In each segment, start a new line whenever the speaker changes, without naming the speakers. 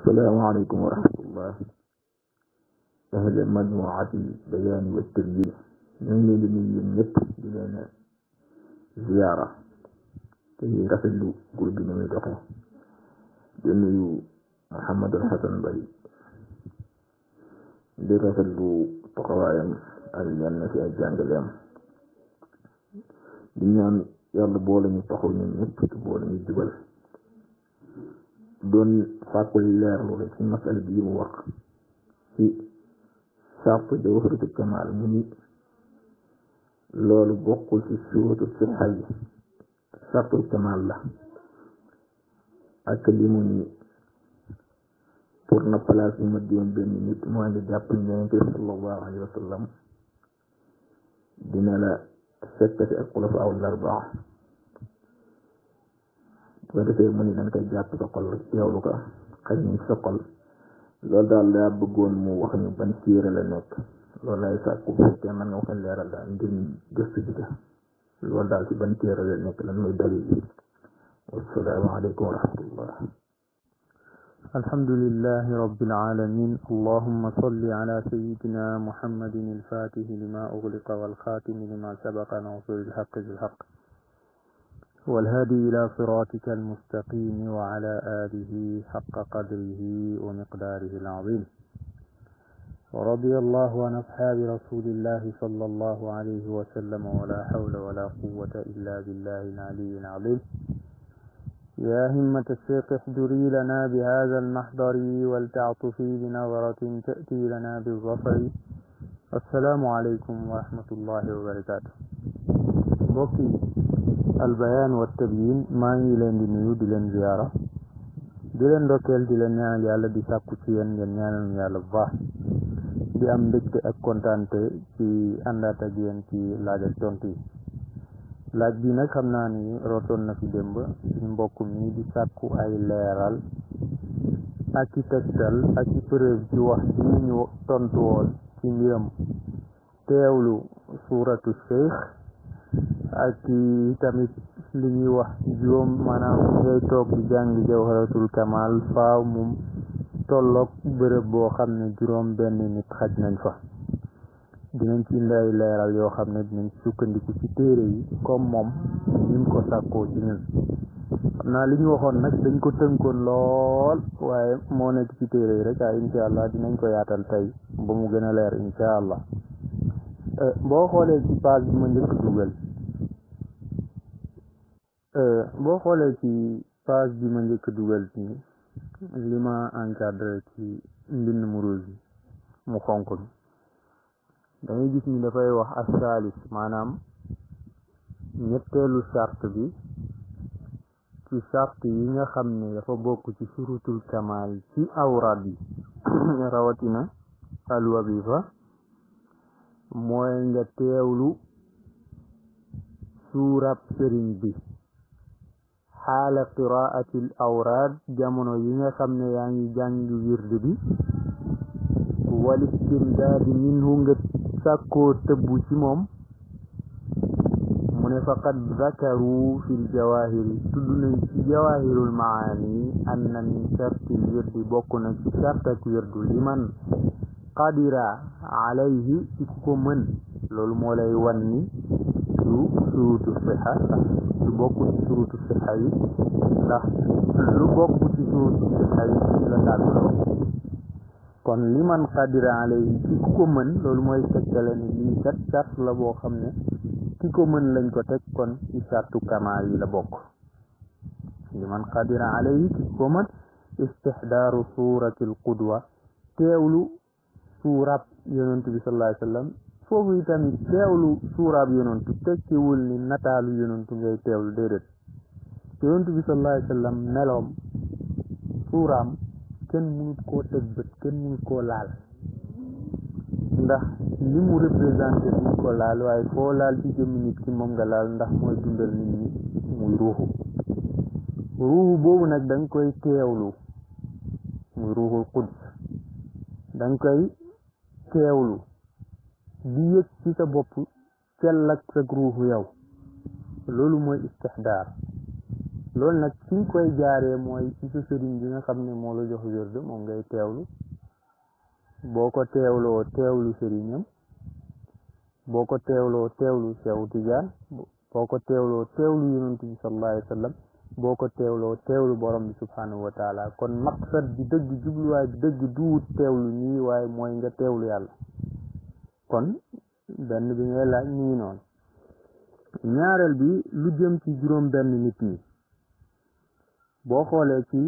السلام عليكم ورحمة الله أهل مجموعة البيان والتبيين من من النت لنا زيارة كي رفلو قلب نميدقه جميع محمد الحسن بي لرفلوا تقوايم الجنة الجنة اليوم دنيا يلا بولن يتخل من نتس بولن يجبل സാക്കുള്ള മസാല ദീപ് വർക്ക് sartu jawharatu kamal mu ni loolu bokkul ci suuratu sixa yi sartul kamal la ak li mu ni pour na place bi ma diwoon benn nit moo ngi jàpp ñeente sallallahu alayhi wa sallam dina la fekkati ak xulafa aw l arbaa 20 heures mu ne nan koy jàpp sa xol teewlu ko xëy na sa xol loolu daal laa bëggoon mu wax ñu ban téere la nekk loolu lay sàkku te man nga ko leeral daal ngir gëstu ji loolu daal ci ban téere la nekk lan muy dalil bi والسلام عليكم ورحمة الله
الحمد لله رب العالمين اللهم صل على سيدنا محمد الفاتح لما أغلق والخاتم لما سبق نوصل الحق بالحق والهادي إلى صراطك المستقيم وعلى آله حق قدره ومقداره العظيم ورضي الله عن أصحاب رسول الله صلى الله عليه وسلم ولا حول ولا قوة إلا بالله العلي العظيم يا همة الشيخ احضري لنا بهذا المحضر ولتعطفي بنظرة تأتي لنا بالظفر السلام عليكم ورحمة الله وبركاته بوكي albayaan wa tabyin maa ngi leen di nuyu di leen ziyaara di leen ndokkeel di leen ñaanal yàlla di sàkku ci yéen ngeen ñaanal yàlla bu baax di am mbégte ak kontaante ci àndaat ak yéen ci laaj ak tontu yi laaj bi nag xam naa ni rotoon na fi démb mbokk mi di sàkku ay leeral ak i tegtal ak i preuve ci wax ji ñu tontu woon ci mbiram teewlu suuratu Shaykh ak ci tamit li ñuy wax juróom manaam ngay toog di jàng jawharatul kamal faaw mum bërëb boo xam ne juróom benn nit xaj nañ fa dinañ ci indi leeral yoo xam ne dinañ sukkandiku ci téere yi comme moom nim ko sàkkoo ci ñun xam naa li ñu waxoon nag dañ ko tënkoon lool waaye moo nekk ci téere yi rek ah incha allah dinañ ko yaatal tey ba mu gën a leer incha allah boo xoolee ci page bi ma njëkk dugal euh, boo xoolee ci page bi ma njëkk dugal ci li ma ci mbind mu rouge bi mu xonk bi dañuy gis ni dafay wax asaalis maanaam ñetteelu charte bi ci charte yi nga xam ne dafa bokk ci surutul kamal ci awraat yi rawatina alwabifa mooy nga teewlu suurab sëriñ bi xaala qiraatil awraad jamono yi nga xam ne yaa ngi jàngi wird bi wal istimdaadi minhu nga sàkkoo tëbbu ci moom mu ne faqad zakaru fil jawaahiri tudd nañ ci jawaahirul maani anna min shartil wirdi bokk na ci sartak wirdu liman qadira alayhi ci ku ko mën loolu moo lay wan ni su surutu lu bokk ci surutu yi ndax lu bokk kon li man qadira alayhi ci ku ko mën loolu mooy tegtale ni lii kat la boo xam ne ki ko mën lañ ko teg kon ci sartu kamaal yi la bokk li man qadira alayhi ci ku ko mën istixdaaru suurati al qudwa teewlu suurab yonent bi sallallahu alayhi wasallam foofu itamit teewlu suurab yonent tekkiwul ni nataalu yonent ngay teewlu déedéet yonent bi sallallahu alayhi wasallam meloom suuraam kenn mënut koo teg kenn mënut ko laal ndax li mu représenté ko laal waaye foo laal ci jëmm nit ki moom nga laal ndax mooy dundal nit ñi muy ruuxu ruuxu boobu nag da koy teewlu muy ruuxul quds da koy teewlu di yëg ci sa bopp kell ak sa ruuxu yow loolu mooy istixdaar loolu nag fi ñu koy jaaree mooy ci sa sëriñ bi nga xam ne moo la jox wérde moom ngay teewlu boo ko teewloo teewlu sëriñam boo ko teewloo teewlu sew tijaan boo ko teewloo teewlu yonent bi sallallahu wa sallam boo ko teewloo teewlu borom bi subhanahu wa kon maqsad bi dëgg jubluwaay bi dëgg duut teewlu nii waaye mooy nga teewlu yàlla kon benn bi ngay laaj ñu ngi noonu ñaareel bi lu jëm ci juróom benn nit ñi boo xoolee ci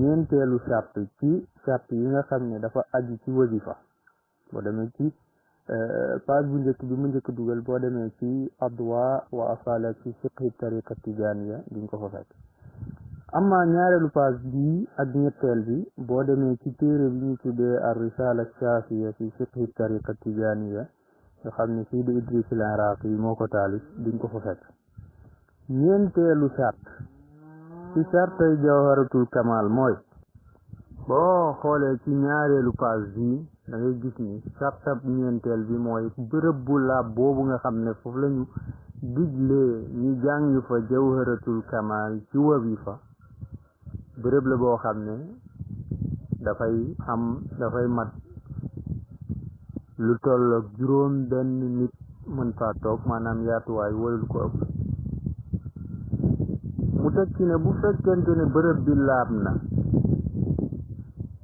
ñeenteelu sàpp ci sàpp yi nga xam ne dafa aju ci wasifa boo demee ci Euh, page bu njëkk bi mu njëkk dugal boo demee ci adwa wa asala ci fiqhi tariqa tijaniya diñ ko fa fekk amma ñaareelu page bi ak ñetteel bi boo demee ci téere bi ñu tuddee ar risala shafiya fi fiqhi tariqa tijaniya nga xam ne Sidi Idris al Iraqi yi moo ko taalif diñ ko fa fekk ñeenteelu sart ci sartay jawharatul kamal mooy boo xoolee ci ñaareelu page bi da gis ni sartab ñeenteel bi mooy bërëb bu laab boobu nga xam ne foofu lañu diglee ñu jàngi fa jawharatul kamal ci fa bërëb la boo xam ne dafay am dafay mat lu tolloog juróom benn nit mën faa toog maanaam yaatuwaay warul ko ëpp mu teg ci ne bu fekkente ne bërëb bi laab na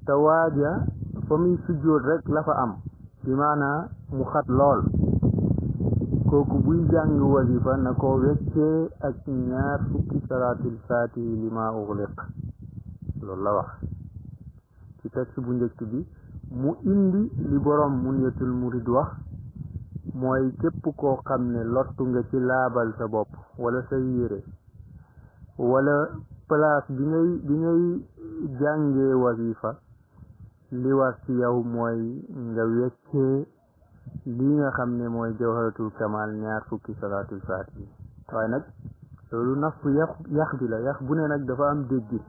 te waaja fa muy sujjóot rek lafa am bi maanaa mu xat lool kooku buy jàng wasifa na ko weccee ak ñaar fukki salaatul faatihi li ma uxliq la wax ci texte bu njëkk bi mu indi li borom munyatul murid wax mooy képp koo xam ne lottu nga ci laabal sa bopp wala sa yére wala place bi bi ngay jàngee wasifa li war ci yow mooy nga weccee lii nga xam ne mooy jawharatul kamal ñaar fukki salaatul faatihi waaye nag loolu nafu yax yax bi la yax bu ne nag dafa am déggit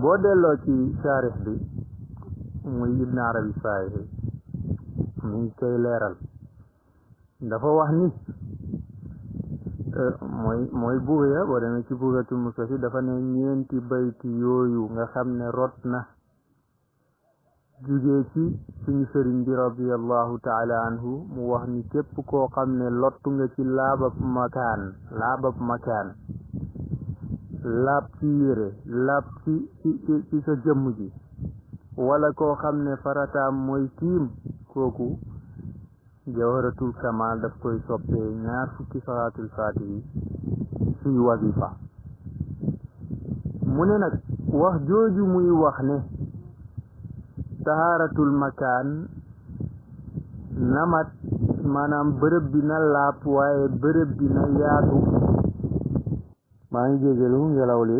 boo delloo ci taarix bi muy ibn arabi faayi mu ngi koy leeral dafa wax ni euh, mooy mooy buuya boo demee ci buuyatul mustafi dafa ne ñeenti bayti yooyu nga xam ne rot na jugee ci suñu sëriñ bi radiallahu taala anhu mu wax ni képp koo xam ne lottu nga ci laabab makaan laabab makaan laab ci yére laab ci ci ci sa jëmm ji wala koo xam ne farataam mooy tiim kooku jawharatul kamal daf koy soppee ñaar fukki salaatul faatihi suy wazifa mu ne nag wax jooju muy wax ne tahaaratul makaan namat maanaam bërëb bi na laab waaye bërëb bi na yaatu maa ngi jégalu ngelaw li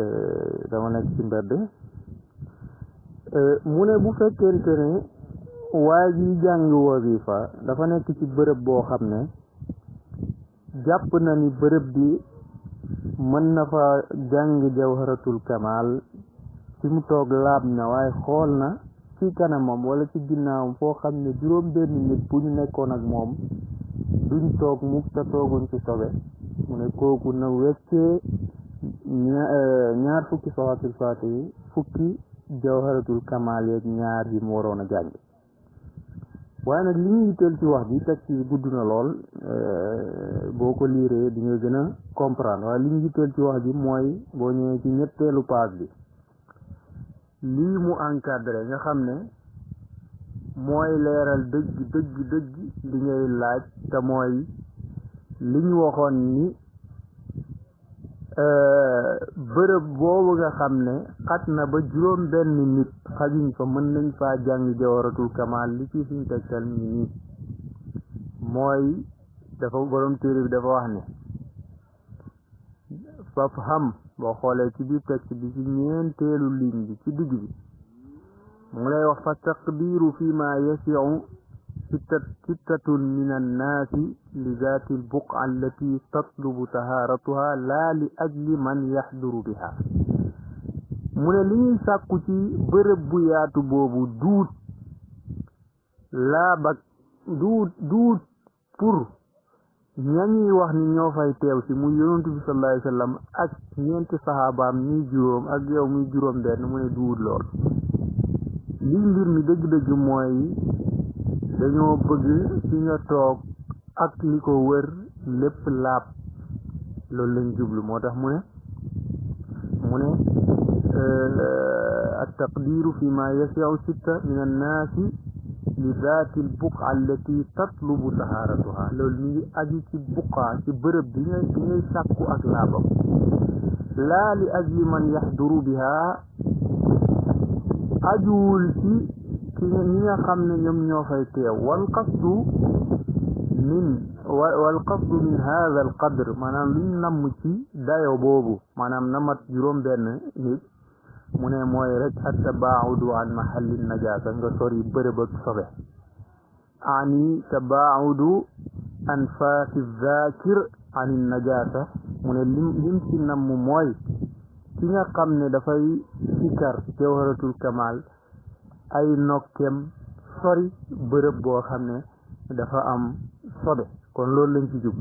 euh, dama nekk ci mbedd euh, mu ne bu fekkente ne waaye bi jàngi wasifa dafa nekk ci bërëb boo xam ne jàpp na ni bërëb bi mën na fa jàng jawharatul kamal fi mu toog laab na waaye xool na ci kanamam wala ci ginnaawam foo xam ne juróom benn nit bu ñu nekkoon ak moom duñ toog mukk te tooguñ ci sobe mu ne kooku na weccee euh, ñaar fukki soxatul faati yi fukki jawharatul kamaal yeeg ñaar yi mu waroon a jàng waaye nag li ñu yitteel ci wax bi teg ci gudd na lool euh, boo ko liiree di nga gën a comprendre waaye li ñu yitteel ci wax bi mooy boo ñëwee ci ñetteelu paas bi lii mu encadré nga xam ne mooy leeral dëgg dëgg dëgg li ngay laaj te mooy li waxoon ni euh, bërëb boobu nga xam ne xat na ba juróom benn nit xajuñ fa mën nañ faa jàng jawaratul kamaal li ci suñ tegtal mi nii mooy dafa borom téere bi dafa wax ne faf xam bo xolé ci bi text bi ci ñentelu ligne bi ci dugg bi mu lay wax fa taqdiru fi ma yasi'u ستة من الناس لذات البقعة التي تطلب طهارتها لا لأجل من يحضر بها من لي ساكوتي بربويات بوبو دود لا بك دود دود بور ñañuy wax ni ñoo fay teew si muy yonantu bi sallallahu alayhi wasallam ak ñeenti saxaabaam ñuy juróom ak yow muy juróom benn mu ne duwut lool li mbir mi dëgg-dëgg mooy dañoo bëgg fi nga toog ak li ko wër lépp laab loolu lañ jublu moo tax mu ne mu ne euh, at taqdiru fi ma yasiu sitta min naasi لذات البقعة التي تطلب طهارتها لو لي أجي في بقعة في برب دنيا دنيا ساكو أغلابه لا لاجل من يحضر بها أجول في كنيا خمن يوم يوفيت والقصد من والقصد من هذا القدر ما نم نمتي دا يبوبو ما نم نمت جرم بين mu ne mooy rek attabaaudu an mahalli najaasa nga sori bërëb sobe ani tabaaudu an faasi zakir ani najaasa mu ne lim lim ci namm mooy ki nga xam ne dafay sikar jawharatul kamal ay nokkeem sori bërëb boo xam ne dafa am sobe kon loolu lañ ci jub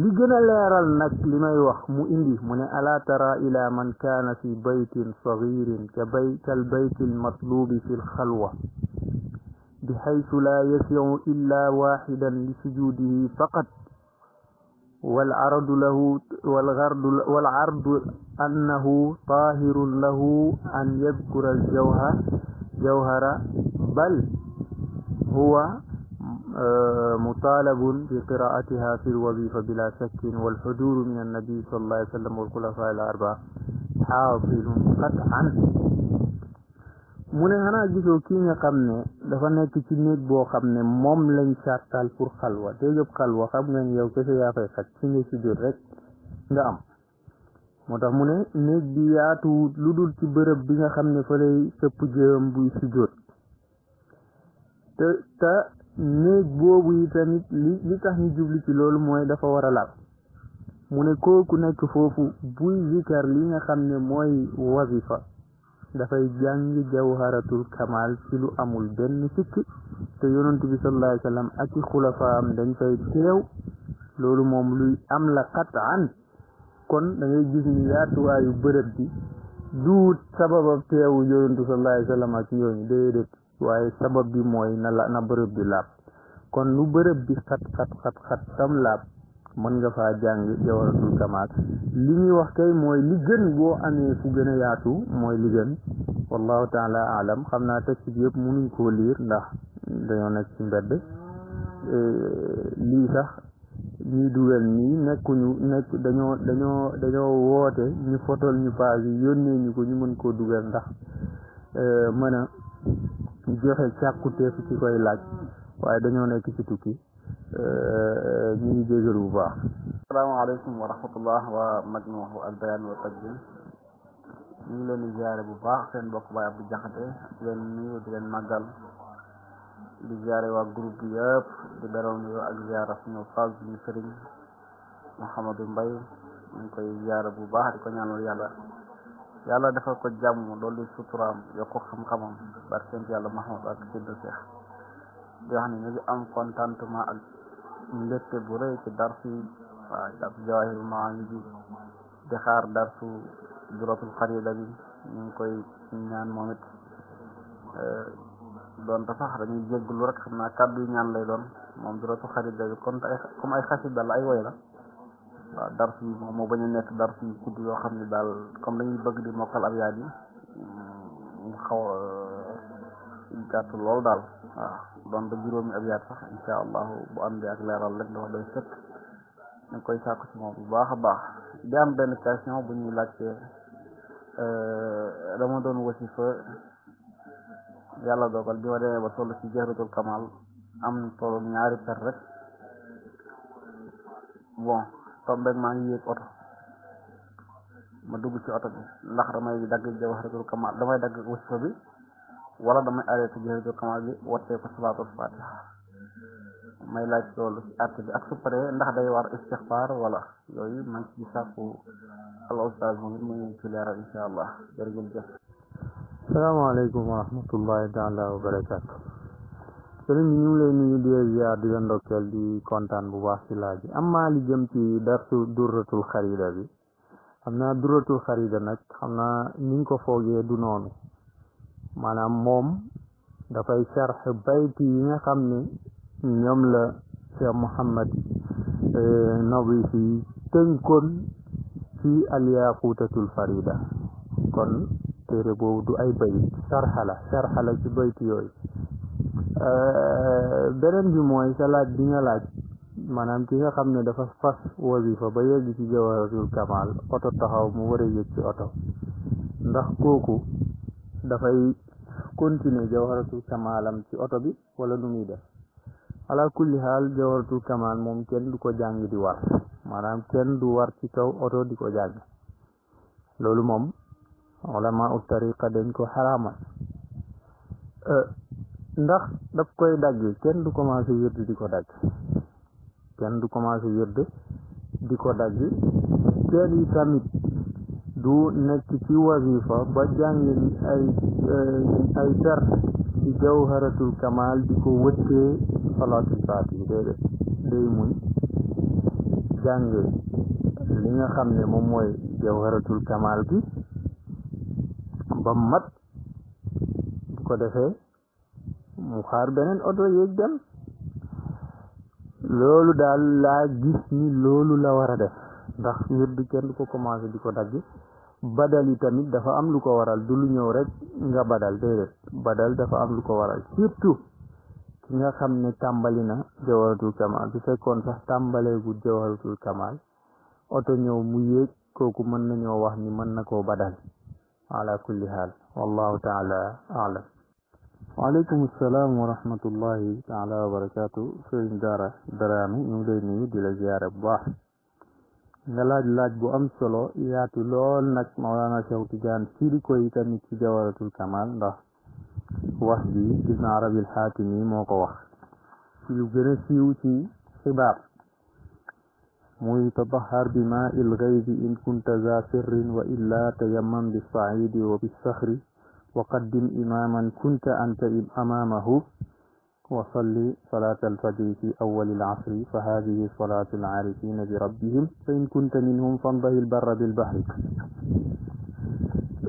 li gëna leral nak limay wax mu indi mu ne ala tara ila man kana fi baytin saghirin ka bayt al bayt al matlub fi al khalwa bi hayth la yasi'u illa wahidan li لا faqat wal ardu lahu wal والعرض wal والغرض annahu tahirun lahu an yadhkura al jawha jawhara bal huwa مطالب بقراءتها في الوظيفة بلا شك والحضور من النبي صلى الله عليه وسلم والخلفاء الأربعة حاصل قطعا mu ne xanaa gisoo kii nga xam ne dafa nekk ci néeg boo xam ne moom lañ sartal pour xalwa te yëpp xalwa xam nga yow kese yaa fay xaj ci nga si rek nga am moo tax mu ne néeg bi yaatuwut lu dul ci bërëb bi nga xam ne fa lay sëpp jëm buy si néeg boobu yi tax ñu jubli ci loolu mooy dafa war a laab mu ne kooku nekk foofu buy zikar li nga xam ne mooy wazifa dafay jàng jawharatul kamal ci lu amul benn sikk te yonent bi sallallahu alayhi ak i xulafaam dañ fay teew loolu moom luy am la qataan kon da ngay gis ni yaatuwaayu bërëb bi duut sababab teewu yonent sallallahu alayhi wasallam ak yooyu déedéet waaye sabab bi mooy na la na bërëb bi laab kon lu bërëb bi xat xat xat tam laab mën nga faa jàng jawaratul kamaal li ñuy wax kay mooy li gën boo amee fu gën a yaatu mooy li gën wallahu taala aalam xam naa texte bi yëpp mënuñ koo liir ndax dañoo nekk ci mbedd eh, lii sax ñuy dugal nii nekkuñu nekk dañoo dañoo woote ñu fotol ñu page yi yónnee ñu ko ñu mën koo dugal ndax eh, mën a ci joxe càkkuteefu ci koy laaj waaye dañoo nekk ci tukki euh, ñu ngi jégalu bu baax
asalaamaaleykum wa rahmatullah waa majmuhu al bayan wa tajdim ñu ngi leen di ziare bu baax seen bokk baay Abdou Jaxate di leen nuyu di leen màggal di ziare waa groupe bi di beral nuyu ak ziara suñu fas ñu sëriñ Mouhamadou Mbaye ñu ngi koy ziare bu baax di ko ñaanal yàlla yàlla dafa ko jàmm loolu suturaam yokku xam-xamam barkent yàlla Mahmoud ak Siddu Seex di wax ne ñu ngi am contentement ak mbégte bu rëy ci darsu waaw ak Jawaahirul Maani bi di xaar darsu Duratul Xarida bi ñu ngi koy ñaan moom it eh, doon te sax dañuy jégglu rek xam naa kàddu yi ñaan lay doon moom Duratul Xarida bi kon comme ay xasit la ay woy la waaw dars yi moom moo bañ nekk dars yi gudd yoo xam ne daal comme dañuy bëgg di mokkal ab yaat yi mm, mu xaw euh, gàtt lool daal doon ba juróomi ab yaat sax insha allahu bu àndee ak leeral rek dafa doy sëkk dañ koy sàkku ci bu baax a baax di am benn question bu ñuy laajte euh, dama doon wasifa yàlla dogal bi ma demee ba toll ci jëhratul kamal am tollu ñaari per rek bon tombeeg maa ngi yéeg oto ma dugg ci oto bi ndax damay dagg jawharatul kamal damay dagg wasifa bi wala damay arrêté jawharatul kamal bi wattee ko salaatul fatiha may laaj loolu ci àtt bi ak ndax day war istixfaar wala yooyu man ci sàkku al ustaaz moom mu ngi ci leeral insha allah jërëjëf
salaamaaleykum wa rahmatullahi taala wa barakaatu sëriñ bi ñu lay nuyu di ziar di la ndokkeel di kontaan bu baax ci laaj bi amaa li jëm ci darsu durratul xarida bi xam naa duratu xarida nag xam naa niñ ko foogee du noonu maanaam moom dafay sharx bayti yi nga xam ne ñoom la Cheikh Mouhammad eh, Nabi fi tënkoon ci alyaqutatul farida kon téere boobu du ay bayit sharxa la sharxa la ci bayti yooyu Euh, beneen bi mooy sa laaj bi nga laaj maanaam ki nga xam ne dafa fas wasifa ba yegg ci jawaratul kamal oto taxaw mu war yëg ci oto ndax kooku dafay continuer jawaratul kamalam ci oto bi wala nu muy def ala kulli xaal jawaratul kamal moom kenn du ko jàng di war maanaam kenn du war ci kaw oto di ko jàng loolu moom ulama u tariqa dañ ko xaraamal euh, ndax daf koy dagg kenn du commencé wird di ko dagg kenn du commencé wird di ko dagg kenn yi tamit du nekk ci wazifa ba jàng ay eh, ay ter ci jawharatul kamal di ko wëttee salaatul faatihi déedéet day muñ jàng li nga xam ne moom mooy jawharatul kamal gi ba mat bu ko defee mu xaar beneen oto yéeg dem loolu daal laa gis ni loolu la war a def ndax wirdu kenn du ko commencé di ko dagg badal yi tamit dafa am lu ko waral du lu ñëw rek nga badal déedéet badal dafa am lu ko waral surtout ki nga xam ne tàmbali na jawharatul kamal bu fekkoon sax tàmbaleegul jawharatul kamal oto ñëw mu yéeg kooku mën nañoo wax ni mën na koo badal ala kulli haal wallahu taala alam وعليكم السلام ورحمة الله تعالى وبركاته سيدنا دارا درامي نولي نيو دي لزيارة باح نلاج لاج بو أمسلو ياتو لول نك مولانا شهو تجان سيري كوي تنمي تي جوارة الكمال دا وحدي جزن عربي الحاتمي موقع وحد سيو جنسيو تي خباب موي تطهر بماء الغيب إن كنت ذا سر وإلا تيمم بالصعيد وبالصخر وقدم إماما كنت أنت أمامه وصلي صلاة الفجر في أول العصر فهذه صلاة العارفين بربهم فإن كنت منهم فانضه البر بالبحر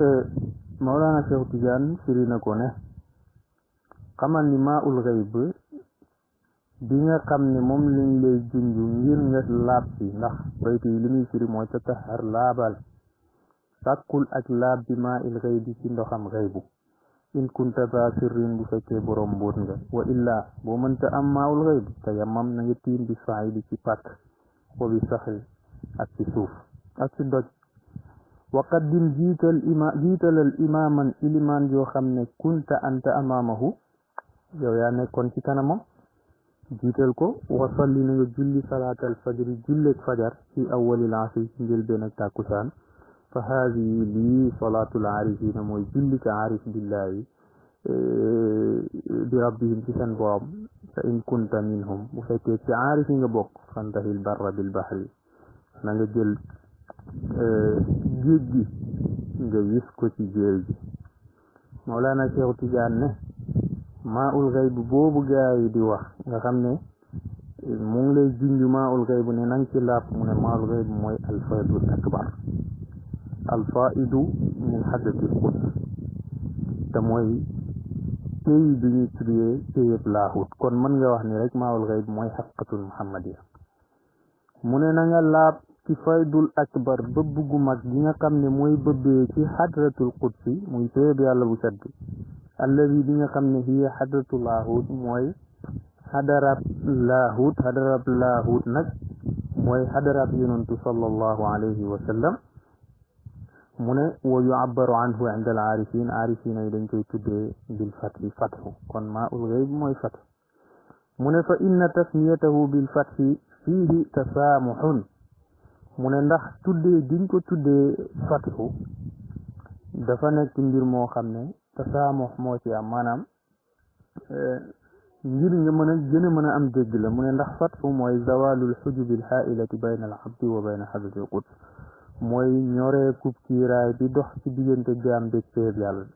أه، مولانا شيخ تجان سيرينا كونه xamal ni الغيب ul xëyb bi لين xam ne moom lañ lay junj ngir nga laab si ndax baytu sàkkul ak laab bi maa il xëy bi ci ndoxam xëy bu in kunta ba sirrin bu fekkee borom mbóot nga wa illaa boo mënta am maawul xëy bi te yamam na nga tiim bi faay bi ci pàkk xobi saxi ak ci suuf ak ci doj waqaddim jiital ima jiitalal imaaman yoo xam ne kunta anta amaamahu yow yaa nekkoon ci kanamam jiital ko wasalli na nga julli salaatal fajri julleeg fajar ci awwalil asri ci njëlbeen ak tàkkusaan fa haadihi lii solaatul aarifina mooy bi rabbihim ci seen borom fa in kunta minhum bu fekkee ci aarif yi nga bokk fantahil barra bil bahri na nga jël géej gi nga wis ci jéel gi Mawlaana Seexu Tijaan ne maa ul xayb boobu gaa di wax nga mu ngi lay junj mu ne maa ul alfaidu min xadatil quds te mooy téyi bi ñuy tuddee téyeb kon mën nga wax ni rek maawul xayb mooy xaqiqatul muhammadiya mu ne na nga laab ci faydul akbar bëbb gu mag gi nga xam ne mooy bëbbee ci xadratul qudsi muy téyeb yàlla bu set bi alladi bi nga xam ne hiya xadratu laaxut mooy xadarab laaxut xadarab laaxut nag mooy xadarab yonantu sallallahu alayhi wa sallam mu ne wa yu'abbaru anhu inda al aarifin aarifina yi dañ koy tuddee bil fatxi fatxu kon maa ul gayb mooy fatx mu ne fa inna tasmiyatahu bil fatxi fiihi tasaamuxun mu ne ndax tuddee giñ ko tuddee fatxu dafa nekk mbir moo xam ne tasaamux moo ci am maanaam eh, ngir nga mën a gën a mën a am dégg la mu ne ndax fatxu mooy zawalul xujubil xaailati bayna al abdi wa bayna xabsil quds mooy ñoreekub kiiraay di dox ci diggante jaam bi péeb yàlla bi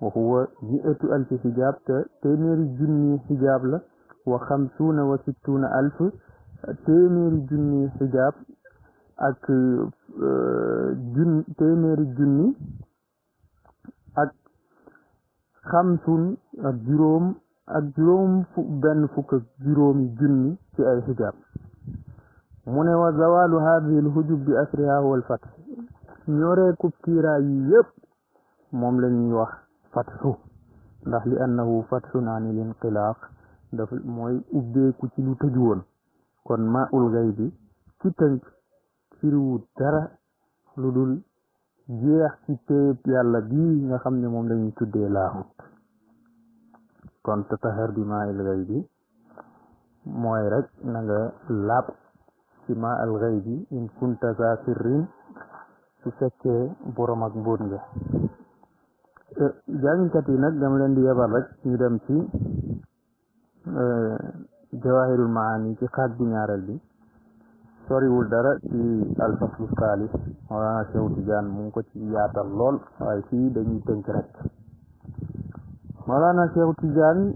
wa huwa alfi xijaab te téeméeri junni xijaab la wa xamsuuna wa sittuuna alf téeméeri junni xijaab ak euh, jun téeméeri junni ak xamsun ak juróom ak juróom benn fukk ak junni ci ay xijaab mu ne wa zawalu hadihi alhujub bi asriha wal fath ñoree kub kiiraa yi yëpp moom la ñuy wax fathu ndax li annahu fathun an il inqilaaq daf mooy ubbeeku ci lu tëju woon kon ma ul gay bi dara lu dul jeex ci péyeb yàlla bii nga xam ne moom lañuy tuddee laaxut
kon tatahar
bi ma il gay mooy rek na laab sima al ghaybi in kunta za sirrin su fekkee borom ak mbóot nga jàngkat yi nag dama leen di yebal rek ñu dem ci e, jawahirul maani ci xaaj bi ñaareel bi soriwul dara ci alfaslu saalis wala Cheikh Tidiane mu ngi ko ci yaatal lool waaye fii dañuy tënk rek Mawlana Cheikh Tidiane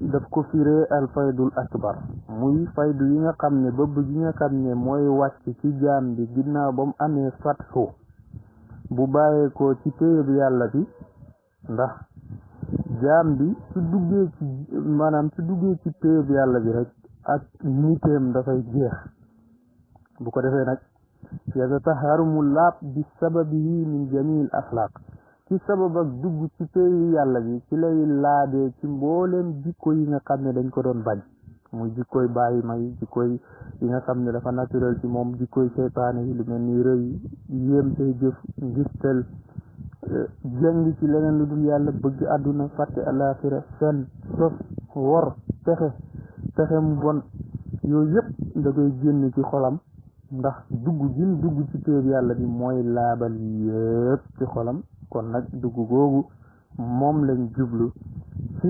daf ko firee al faydul akbar muy faydu yi nga xam ne bëbb yi nga xam ne mooy wàcc ci jaam bi ginnaaw ba mu amee fatxu bu bàyyeekoo ci téyeb yàlla bi ndax jaam bi su duggee ci maanaam su duggee ci téyeb yàlla bi rek ak niteem dafay jeex bu ko defee nag yatataharumu laab bi sababihi min jamil axlaaq ci sabab ak dugg ci péeyu yàlla bi ci lay laabee ci mbooleem jikko yi nga xam ne dañ ko doon bañ muy jikkoy bàyyi may jikkoy yi nga xam ne dafa naturel ci moom jikkoy seytaane yi lu mel ni rëy yéem say jëf ngistal euh, jàng ci leneen lu dul yàlla bëgg àdduna fàtte alaxira fen sos wor pexe pexe mu bon yooyu yëpp da koy génn ci xolam ndax dugg gin dugg ci péeb yàlla bi mooy laabal yëpp ci xolam kon nag dugg googu moom lañ jublu ci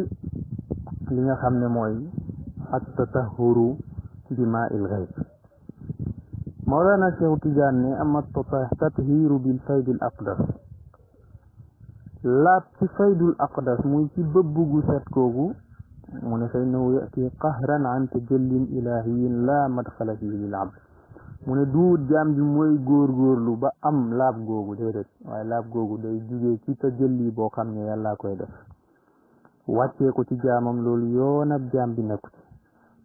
li nga xam ne mooy at tatahuru bi maa il gayb mawlana cheikh tidiane ne ama tathiru bil faydil aqdas laab ci faydul aqdas muy ci bëbb set googu mu ne fa innahu yati qahran an tajallin ilahiyin la madxala fii lil abd mu ne duut jaam ji mooy góorgóorlu ba am laab googu déedéet waaye laab googu day jugee ci sa jëlli boo xam ne yàllaa koy def wàccee ko ci jaamam loolu yoonab jaam bi nekku ci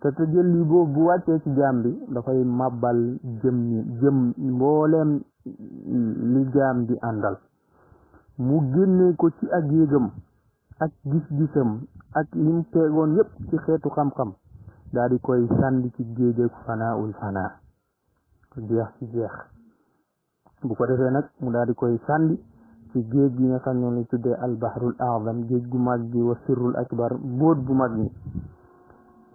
te te jëlli bu wàccee ci jaam bi dafay màbbal jëm jëm mbooleem li jaam bi àndal mu génnee ko ci ak yëgam ak gis-gisam ak lim teegoon yépp ci xeetu xam-xam daal koy sànni ci géej ak fanaa ul fanaa te jeex ci jeex bu ko defee nag mu daal di koy sànni ci géej gi nga xam ne lañ tuddee albahrul azam géej gu mag gi wa sirrul akbar mbóot bu mag mi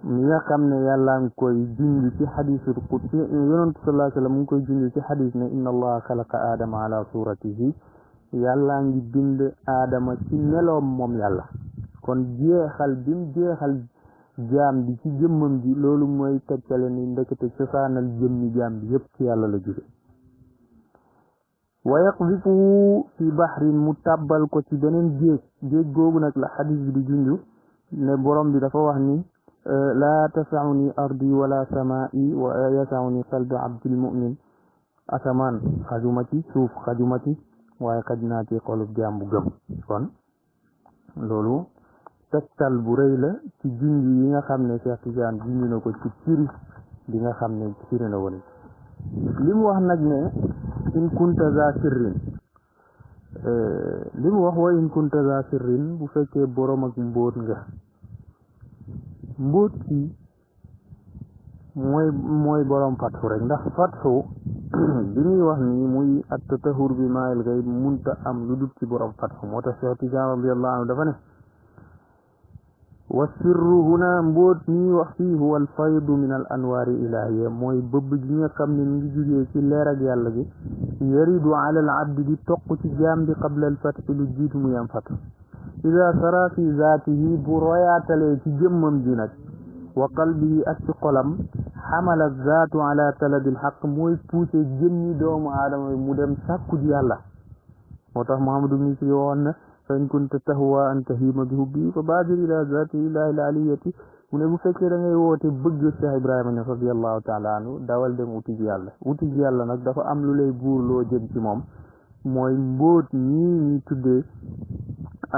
mi nga xam ne yàlla ngi koy junj ci xadisul qudsi yonentu sallallahu alayhi wasallam mu ngi koy junj ci xadis ne inna allaha xalaqa aadama ala suratihi yàlla ngi bind aadama ci meloom moom yàlla kon jaam bi ci jëmmam ji loolu mooy tegtale ni ndekete cosaanal jëmmi jaam bi yépp ci yàlla la jóge wa yaqdifuhu fi baxrin mu tàbbal ko ci beneen géej géej googu nag la xadis bi junju ne borom bi dafa wax ni euh, laa tasauni ardi wala samaai wa yasauni qalbu abdil mumin asamaan xajuma ci suuf xajuma ci waaye xaj naa ci xolub jaam kon loolu tegtal bu rëy la ci junj yi nga xam ne Cheikh Tidiane junj na ko ci ciri bi nga xam ne ciri na woon li mu wax nag ne in kunta za sirrin eh, wax wa in kunta za bu fekkee borom ak mbóot nga mbóot ki mooy mooy borom fatfu rek ndax fatfu bi ñuy wax ni muy at tatahur bi maayal gay munta am lu dul ci borom fatfu moo tax Cheikh Tidiane radiyallahu anhu dafa ne والسر هنا مبوت ني وحي هو الفيض من الانوار الهيه موي بوب جي ني خام ني نغي جوجي سي لير يالا جي يريد على العبد دي توك سي جام بي قبل الفتح لو مو ينفتح اذا سرى في ذاته برويا تلي سي جمم دي نك وقلبه اثقلم حمل الذات على تلد الحق موي بوسي جيني دوم ادم مودم ساكو دي يالا موتاخ محمد بن سيون فإن كنت تهوى أن تهيم بحبي فبادر إلى ذات الله العلية mu ne bu fekkee da ngay woote bëgg Cheikh Ibrahima Niass radiallahu taala anhu dawal dem wuti ji yàlla wuti yàlla nag dafa am lu lay buur loo jëm ci moom mooy mbóot ñii ñi tuddee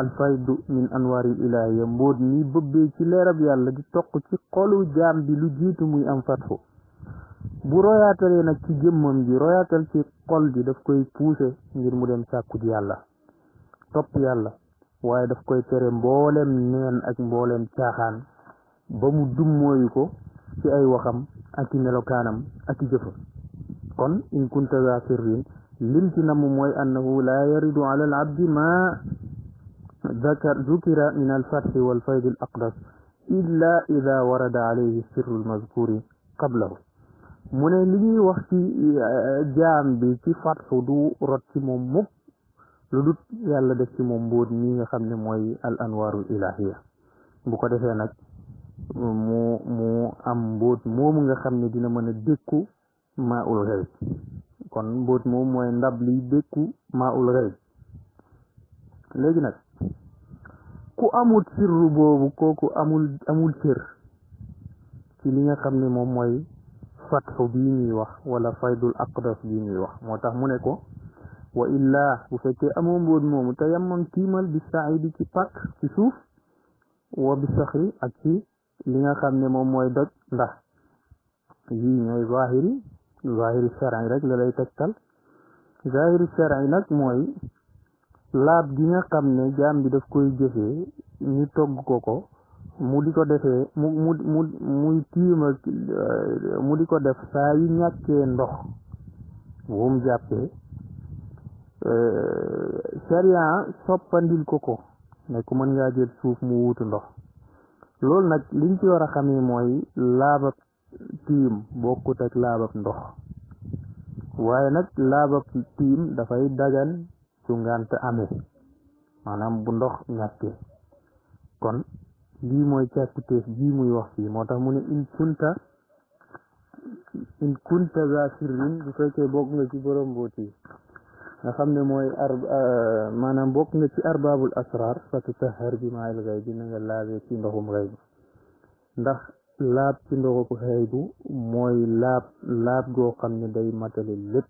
alfaydu min anwaari ilaahiya mbóot ñi bëbbee ci leerab yàlla di toq ci xolu jaam bi lu jiitu muy am fatfu bu royaatalee nag ci jëmmam ji royaatal ci xol bi daf koy puuse ngir mu dem sàkku yàlla top yàlla waye daf koy tere mbolem neen ak mbolem tiaxan ba mu dum moy ko ci ay waxam ak i ak i kon in kunta zafirin lim ci nam moy annahu la yaridu ala al abdi ma ذكر ذكر من الفتح والفيض الأقدس إلا إذا ورد عليه السر المذكور قبله من لي وقت جام بي في فتح دو رتم مك lu dut yàlla def ci moom mbóot mi nga xam ne mooy al anwarul ilahiya bu ko defee nag mu mu am mboot moomu nga xam ne dina mën a dékku maa ul xëy kon mbóot moom mooy ndab liy dékku maa ul xëy léegi nag ku amul sirru boobu kooku amul amul cër ci li nga xam ne moom mooy fatxu bii ñuy wax wala faydul aqdas bii ñuy wax moo tax mu ne ko wa illaa bu fekkee amoo mbóot moomu te yammoon tiimal bi saidi ci pàkk ci suuf wa bi ak ci li nga xam ne moom mooy doj ndax yii ñooy zahiri zahiri shar'i rek la lay tegtal zahiri shar'i nag mooy laab gi nga xam ne jaam bi daf koy jëfee ñu togg ko ko mu di ko defee mu mu mu muy euh, mu di ko def saa yu ñàkkee ndox bu jàppee Euh, sariya soppandil ko ko ne ku mën ngaa jël suuf mu wuutu ndox loolu nag liñ ci war a xamee mooy laabab tiim bokkut ak laabab ndox waaye nag laabab tiim dafay dagan su ngànt amee maanaam bu ndox ñàkkee kon lii mooy càkkutéef jii muy wax fii moo tax mu ne in kunta in kunta za sirrin bu fekkee bokk nga ci borom mbooti nga xam ne mooy ar euh, maanaam bokk nga ci arbabul asrar fatutahar bi maayil xay na nga laabee ci ndoxum xay bi ndax laab ci ndoxu xay bu mooy laab laab goo xam ne day matale lépp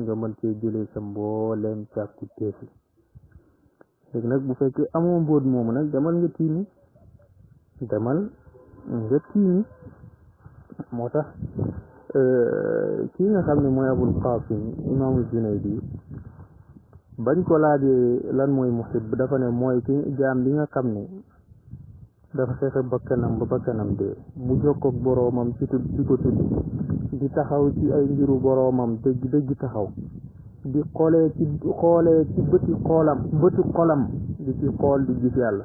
nga mën cee jëlee sa mbooleem càkku teefi léegi nag bu fekkee amoo mbóot moomu nag demal nga tiimi demal nga moo tax kii nga xam ne mooy abul qasim imaamul junaydi bañ ko laajee lan mooy muhib dafa ne mooy ki jaam bi nga xam ne dafa fexe bakkanam ba bakkanam dee mu jokkoog boroomam ci tudd di ko tudd di taxaw ci ay mbiru boroomam dëgg dëgg taxaw di xoolee ci xoolee bëti xoolam bëti xolam di ci xool di gis yàlla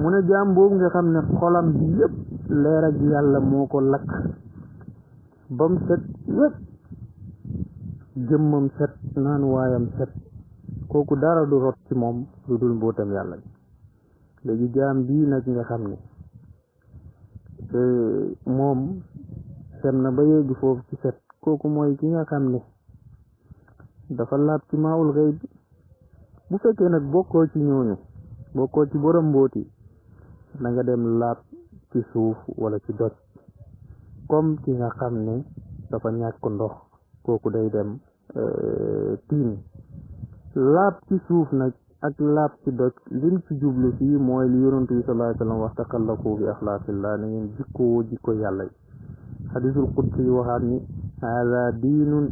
mu ne jaam boobu nga xam ne xolam bi yépp leer yàlla moo ko lakk ba mu set wépp jëmmam set naan waayam set kooku dara du rot ci moom lu dul mbóotam yàlla bi léegi jaam bii nag nga xam ne moom dem na ba yegg foofu ci set kooku mooy ki nga xam ne dafa laab ci maawul xëy bi bu fekkee nag bokkoo ci ñooñu bokkoo ci borom mbóot yi na nga dem laab ci suuf wala ci doj comme ki nga xam ne dafa ñàkk ndox kooku day dem euh, tiin laab suuf nag ak laab ci doj liñ jublu fii mooy li yonantu bi sallallahu alayhi wa wax taxallaku bi axlaasillah na ngeen jikkoo jikko yàlla yi xadisul qudsi yi waxaat ni haada diinun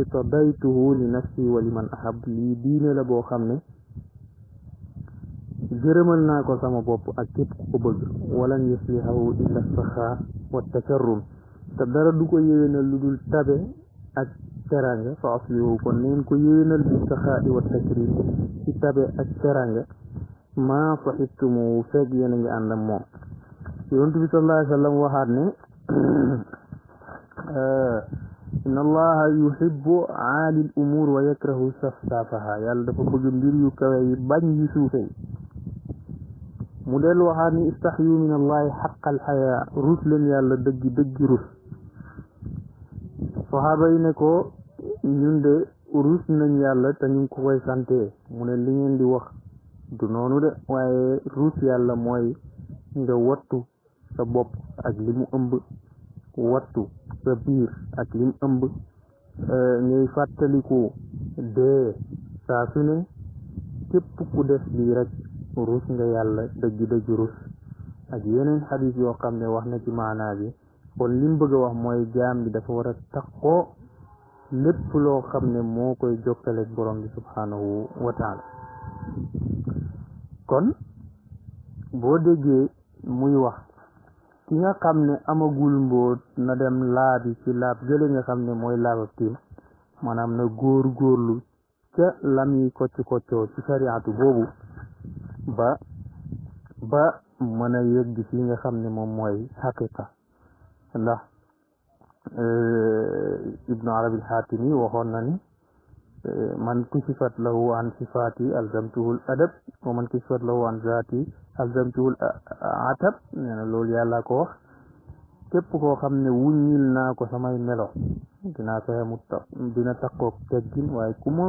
itadaytuhu li nafsi wa liman ahab lii diine la boo xam ne جرمل ناكو سما بوب اك كيب كو بغ ولا يصلحه الا السخاء والتكرم تدار دوكو ييينال لودول تابي اك تيرانغا فاصلي كون نين كو ييينال بالسخاء والتكريم في تابي اك تيرانغا ما صحبتم فاج ينغ اند مو يونت بي صلى الله عليه وسلم وحاتني ان الله يحب عالي الامور ويكره سفسافها يال دا فا بوجي مبير يو mu dellu waxaat ni istaxyu min allahi xaqal xayaa leen yàlla dëggi dëggi rus saxaaba yi ne ko ñun de rus nañ yàlla te ñu ko koy sante mu ne li ngeen di wax du noonu de waaye rus yàlla mooy nga wattu sa bopp ak li ëmb wattu sa biir ak li ëmb euh, ngay fàttaliku dee saa képp ku def lii rek rus nga yàlla dëggi dëggi rus ak yeneen xadis yoo xam ne wax na ci maanaa bi kon lim bëgg a wax mooy jaam bi dafa war a taqoo lépp loo xam ne moo koy jokkaleg borom bi subhanahu wa taala kon boo déggee muy wax ki nga xam ne amagul mbóot na dem laab yi ci laab jële nga xam ne mooy laabab tiim maanaam na góor góorlu ca lam yi kocc koccoo ci shariatu boobu ba ba mën a yëgg fi nga xam ne moom mooy xaqiqa ndax eh, ibnu arabi alxaatimi waxoon na ni eh, man kusifat lahu an sifaati alzamtuhul adab wa man kusifat lahu an zaati alzamtuhul atab nee na loolu yàlla ko wax képp koo xam ne wuññil naa ko samay melo dinaa fexe mu dina takkoog teggin waaye ku ma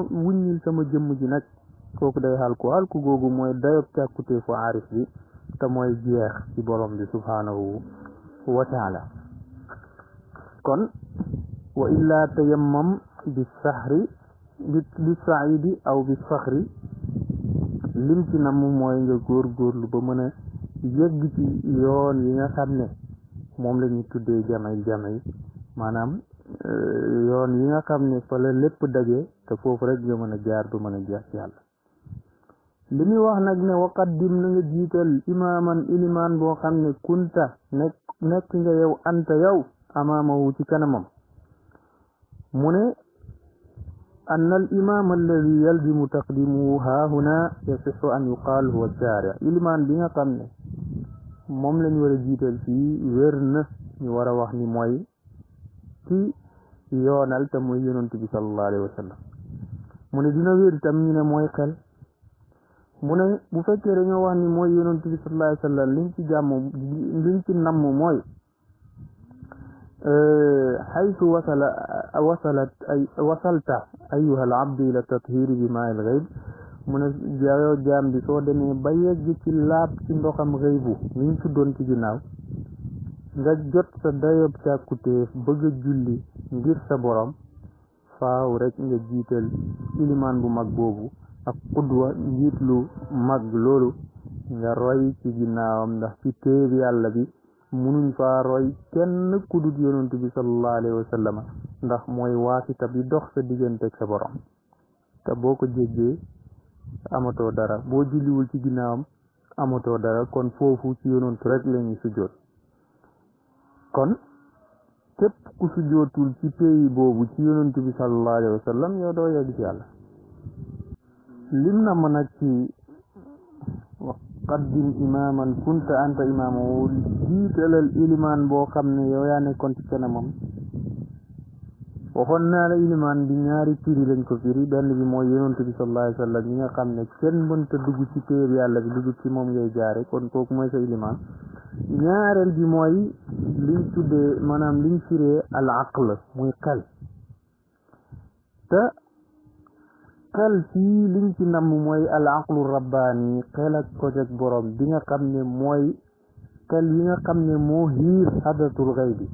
sama jëmm ji nag kooku day xalku xalku googu mooy dayob càkkutéefu aarif bi te mooy jeex ci borom bi subhaanahu wa taala kon wa illaa tayammam bi saxri bi bi saidi aw bi faxri lim ci namm mooy nga góor góorlu ba mën a yëgg ci yoon yi nga xam ne moom la ñu tuddee jamay jamay maanaam eh, yoon yi nga xam ne fa lépp daje te foofu rek nga mën a jaar ba mën a jeex ci yàlla li muy wax nag ne waqat dim na nga jiital imaaman ilimaan boo xam ne kunta nekk nga yow anta yow amaamawu ci kanamam mu ne anna al imaam alladi yalzimu taqdimuhu haahuna yasixu an yuqaal huwa shaari ilimaan bi nga xam ne moom lañ war a jiital fii wér na ñu war a wax ni mooy ci yoonal te mooy yonent bi sallallahu alayhi wa mu ne dina wér tam ñu ne mooy xel mu ne bu fekkee dañoo wax ni mooy yonent bi sallallahu alayhi wa ci jàmm liñ ci namm mooy xaytu euh, wasala wasalat ay wasalta ayuha al ila tathiri bi maa al mu ne yow jaam bi soo demee ba yegg ci laab ci ndoxam xëybu liñ tuddoon ci ginnaaw nga jot sa dayob càkkutéef bëgg a julli ngir sa borom faaw rek nga jiital ilimaan bu mag boobu a kudwa yitlu mag lolu nga roy ci ginnaawam ndax ci téebi yàlla bi munuñ faa roy kenn kudut yonent bi salallahu alehi wasallama ndax mooy waasita bi dox sa digganteg sa borom te boo ko jéggee amatoo dara boo julliwul ci ginnaawam amatoo dara kon foofu ci yonent rek la ñuy sujjóot kon képp ku sujjootul ci pays boobu ci yonent bi salallahu alehi wasallam yow doo yegg ci yàlla lim na mën nag ci qaddim imaaman kunta anta imaamahu jiitalal ilimaan boo xam ne yow yaa nekkoon ci kanamam waxoon naa la ilimaan bi ñaari firi lañ ko firi benn bi mooy yonent bi sallallahu alayhi wasallam yi nga xam ne kenn mënta dugg ci téeb yàlla bi dugg ci moom ngay jaare kon kooku mooy sa ilimaan ñaareel bi mooy liñ tuddee liñ firee al aql muy xel te xel fii liñ ci namm mooy al aqlu rabbaani xel ak borom bi nga xam ne mooy xel yi nga xam ne moo xiir xadatul xay bi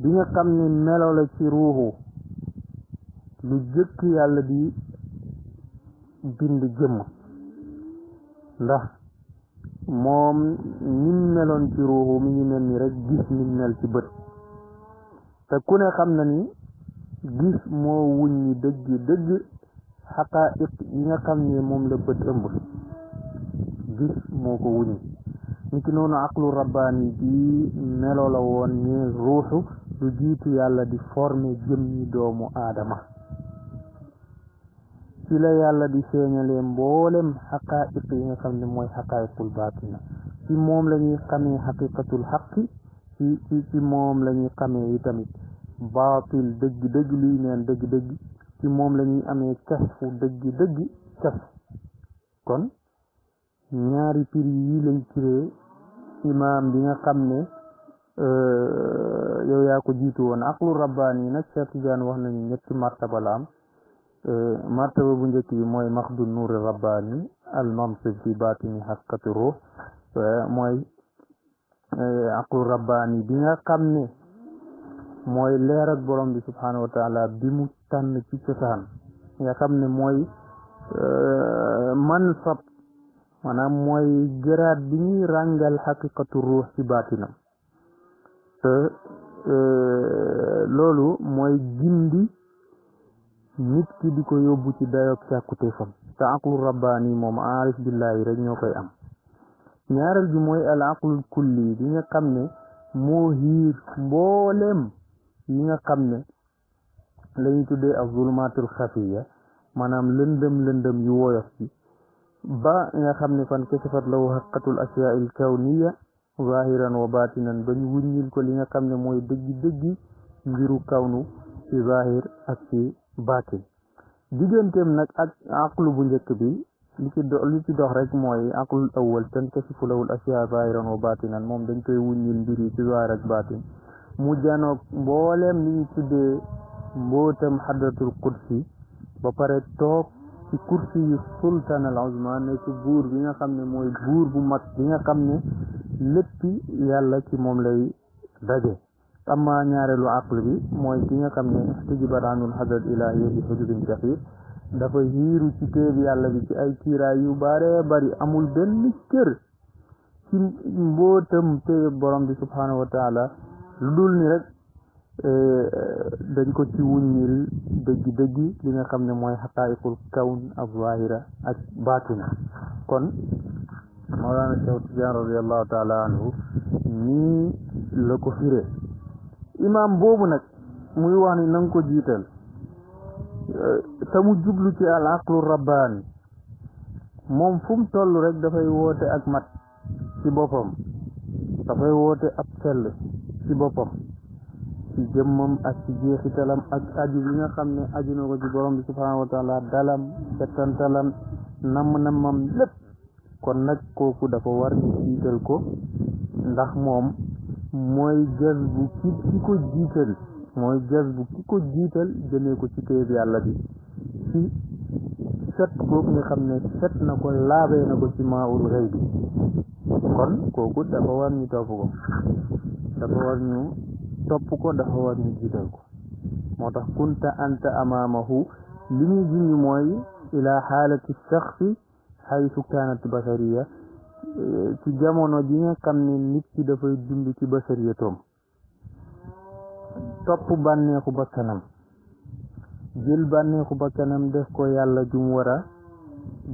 bi nga xam ne melo la ci ruuxu lu jëkk yàlla bi bind jëmm ndax moom nim meloon ci ruuxu mi ngi mel ni rek gis nim mel ci bët te ku ne xam na ni gis moo wuñ ñi dëgg dëgg xaqaaiq yi nga xam ne moom la bët ëmb gis moo ko wuñu niki noonu aqlu rabbaani bi meloo la woon ne ruuxu du jiitu yàlla di forme jëm ñi doomu aadama ci la yàlla di feeñalee mboolem xaqaaiq yi nga xam ne mooy xaqaaiqul baatina ci moom la ñuy xamee xaqiqatul xaqi ci ci ci moom la ñuy xamee itamit baatil dëgg dëgg luy neen dëgg dëgg ci moom la ame amee kasfu dëggi dëggi kasfu kon ñaari piri yi lay firee imaam bi nga xam ne euh, yow yaa ko jiitu woon aqlu rabbaani yi nag Cheikh Tidiane wax nañu ñetti martaba la am euh, martaba bu njëkk bi mooy maxdu nuuri rabbaani al mansib fi baatini xaqqati ruux euh, mooy aqlu rabbaani bi nga ne mooy leeral ak borom bi subhanahu wa taala bi mu ci cosaan nga xam ne mooy euh, mansab maanaam mooy gëraat bi ñuy ràngal xaqiqatu ruux ci baatinam
te euh,
loolu mooy gindi nit ki di ko yóbbu ci dayoog càkkutéefam te aqlu rabbaani moom aarif billaahi rek ñoo koy am ñaareel bi mooy al aqlul kulli bi nga xam ne moo hiir mbooleem li nga xam ne la ñu tuddee ak zulumaatul xafiya maanaam lëndëm lëndëm yu woyof ci ba nga xam ne fan kasafat lahu xaqatul asyaa'il kawniya zahiran wa batinan ba ñu wuññil ko li nga xam ne mooy dëgg dëgg mbiru kawnu ci zahir ak ci batin digganteem nag ak aqlu bu njëkk bi li ci do li ci dox rek mooy aqlul awal tan kasifu lahul asyaa zahiran wa batinan moom dañ koy wuññil mbir yi ci zahir ak batin mu janoog mbooleem li ñu tuddee mbootam xadratul kursi ba pare toog ci kursi yu sultan al azma ne ci buur bi nga xam ne mooy guur bu mag bi nga xam ne léppi yàlla ci moom lay daje amma ñaareelu aql bi mooy ki nga xam ne ixtijibat anul xadrat ilahia bi xujubin kaxiir dafa yiiru ci téeb yàlla bi ci ay kiiraay yu bare bari amul benn cër ci mbootam téeb borom bi subhanahu wa taala lu dul rek euh, dañ ko ci wuññil dëgg-dëgg li nga xam ne mooy xaqaayiqul kawn ab zahira ak baatina kon Mawlana Cheikh Tidiane radiallahu taala anhu nii la ko imaam boobu nag muy wax ni nanga ko jiital euh, te jublu ci al aqlu rabbaani moom fu mu toll rek dafay woote ak mat ci boppam dafay woote ab sell ci boppam ci jëmmam ak ci jeexitalam ak aju bi nga xam ne aju na ko ci borom bi subhanahu wa taala dalam settantalam namm-nammam lépp kon nag kooku dafa war ñu jiital ko ndax moom mooy jas bu ki ko jiital mooy jas bu ki ko jiital jëmee ko ci téyeb yàlla bi ci set boobu nga xam ne set na ko laabee na ko ci maaul rëy bi kon kooku dafa war ñu topp ko dafa war ñu topp ko dafa war ñu jiital ko moo tax kunta anta amaamahu li ñuy junj mooy ila xaalati shaxsi xaytu kaanat basariya ci jamono ji nga xam ne nit ki dafay dund ci basariya toom topp bànneexu bakkanam jël bànneexu bakkanam def ko yàlla jum war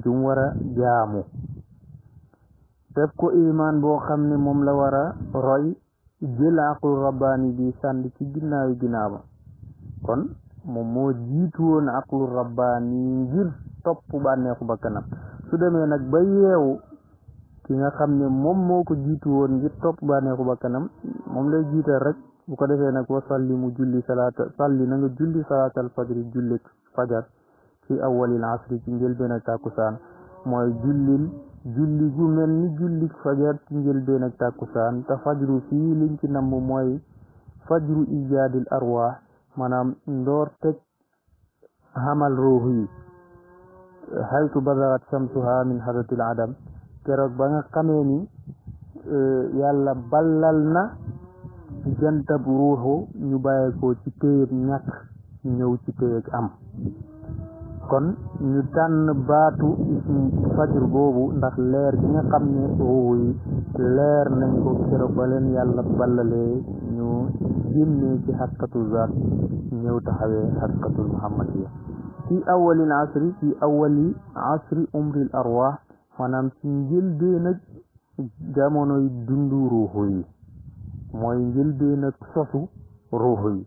war a jaamu def ko imaan boo xam ne moom la war a roy jël àqul rabbaani bi sànni ci ginnaawi ginnaawam kon moom moo jiitu woon àqul rabbaani ngir topp bànneexu bakkanam su demee nag ba yeewu ki nga xam ne moom moo ko jiitu woon ngir topp bànneexu bakkanam moom lay jiital rek bu ko defee nag wa salli mu julli salaata salli na julli salaatal fajri julli fajar ci awalil asri ci njëlbeen ak tàkkusaan mooy jullil julli gu mel ni julli fajar ci njëlbeen ak tàkkusaan fajru fii liñ ci namm mooy fajru ijaadil arwaax maanaam ndoor teg xamal ruux yi xaytu badarat min hadratil adam keroog ba nga xamee ni e, yàlla ballal na jantab ruuxu ñu bàyyeekoo ci téyeb ñàkk ñëw ci téyeg am kon ñu tànn baatu ismu fajr boobu ndax leer gi nga xam ne leer nañ ko keroog ba leen yàlla ballalee ñu génnee ci xaskatu zaat ñëw taxawee xaskatul muhammad yi ci awalil asri ci awali asri umril arwaax maanaam ci njëlbeen ak jamonoy dundu ruuxu yi mooy njëlbeen ak sosu ruuxu yi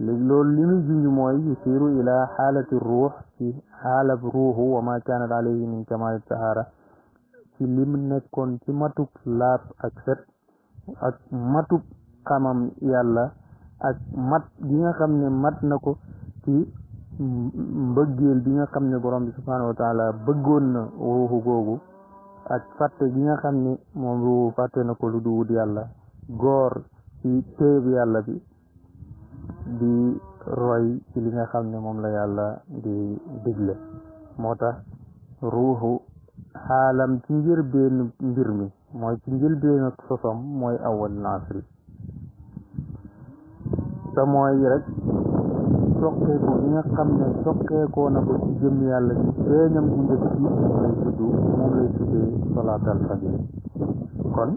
léegi loolu li muy junj mooy yusiru ila xaalati ruux ci xaalab ruuxu wa ma kaanat alayhi min kamaali tahara ci lim nekkoon ci matub laab ak set ak matub xamam yàlla ak mat gi nga xam ne mat na ko ci mbëggeel bi nga xam ne borom bi subhanahu wa taala na ruuxu googu ak fàtte gi nga xam ne moom ruuxu fàtte na ko lu duwut yàlla góor ci téeb yàlla bi di roy ci li nga xam ne moom la yàlla di digle moo tax ruuxu xaalam ci njëlbeenu mbir mi mooy ci njëlbeenu sosam mooy awal nasri te mooy rek soqeeku bi nga xam ne soqeekoo na ko ci jëm yàlla ci feeñam bu njëkk ci moom lay tuddee salaatal fajr kon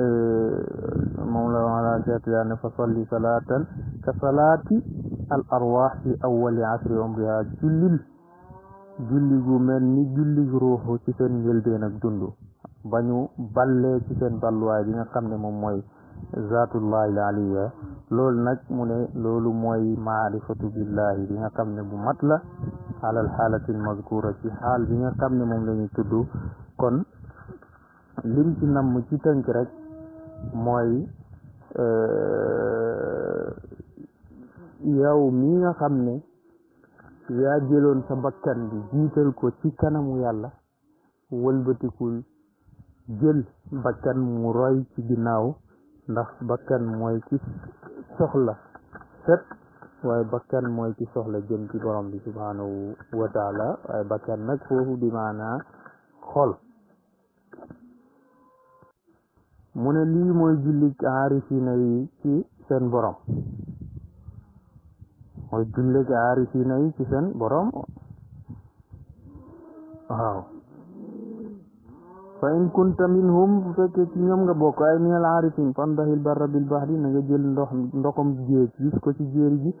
moom la wala jeetyaa ne fa salli salatan ka salaati al arwah fi awali asri umriha jullil julli gu ni julli gu ruuxu ci seen njëlbeen ak dund ba ñu ballee ci seen balluwaay bi nga xam ne moom mooy zaatullahi l aliya loolu nag mu ne loolu mooy maarifatu billahi bi nga xam ne bu mat la alal xaalati al bi nga xam ne moom la ñuy kon lim ci namm ci rek mooy euh, yow mi nga xam ne yaa jëloon sa bakkan bi jiital ko ci kanamu yàlla wëlbatikul jël bakkan mu roy ci ginnaaw ndax bakkan mooy ci soxla set waaye bakkan mooy ci soxla jëm ci borom bi subhanahu wa taala waaye bakkan nag foofu bi maanaa xol mu ne lii mooy julli aarifina yi ci seen borom mooy julli aarifina yi ci seen borom waaw fa in kunta minhum bu fekkee ci ñoom nga bokk ay minal aarifin fandahil barra bil bahri na nga jël ndox ndoxam géej gis ko ci jéeri ji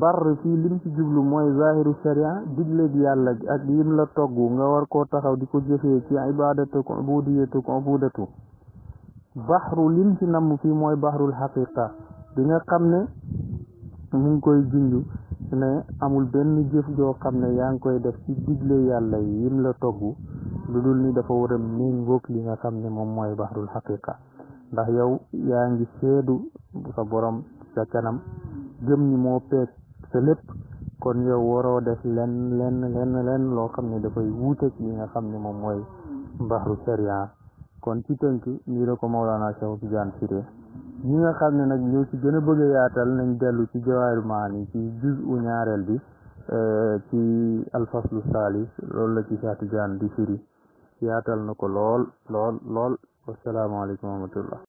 bar fii lim ci jublu mooy zahiru sharia digle bi yàlla ak yim la togg nga war koo taxaw di ko jëfee ci ko ubudiyatu ubudatu baxru lim ci namm fii mooy baxrul xaqiqa bi nga xam ne mu ngi koy junj ne amul benn jëf joo xam ne yaa ngi koy def ci digle yàlla yim la togg lu dul ni dafa war a ngok li nga xam ne moom mooy baxrul xaqiqa ndax yow yaa ngi seedu sa borom sa kanam gëm ni moo peeg sa lépp kon yow waroo def lenn lenn lenn lenn loo xam ne dafay wuuteeg li nga xam ne moom mooy baxru sharia kon ci tënk nii la ko Mawlana Cheikh Tidiane firee ñi nga xam ne nag ñoo ci gën a bëgg a yaatal nañ dellu ci jawaaru maani ci juz u ñaareel bi euh, ci alfaslu saalis loolu la ci saat Tidiane di firi yaatal na ko lool lool lool wasalaamaaleykum wa rahmatullah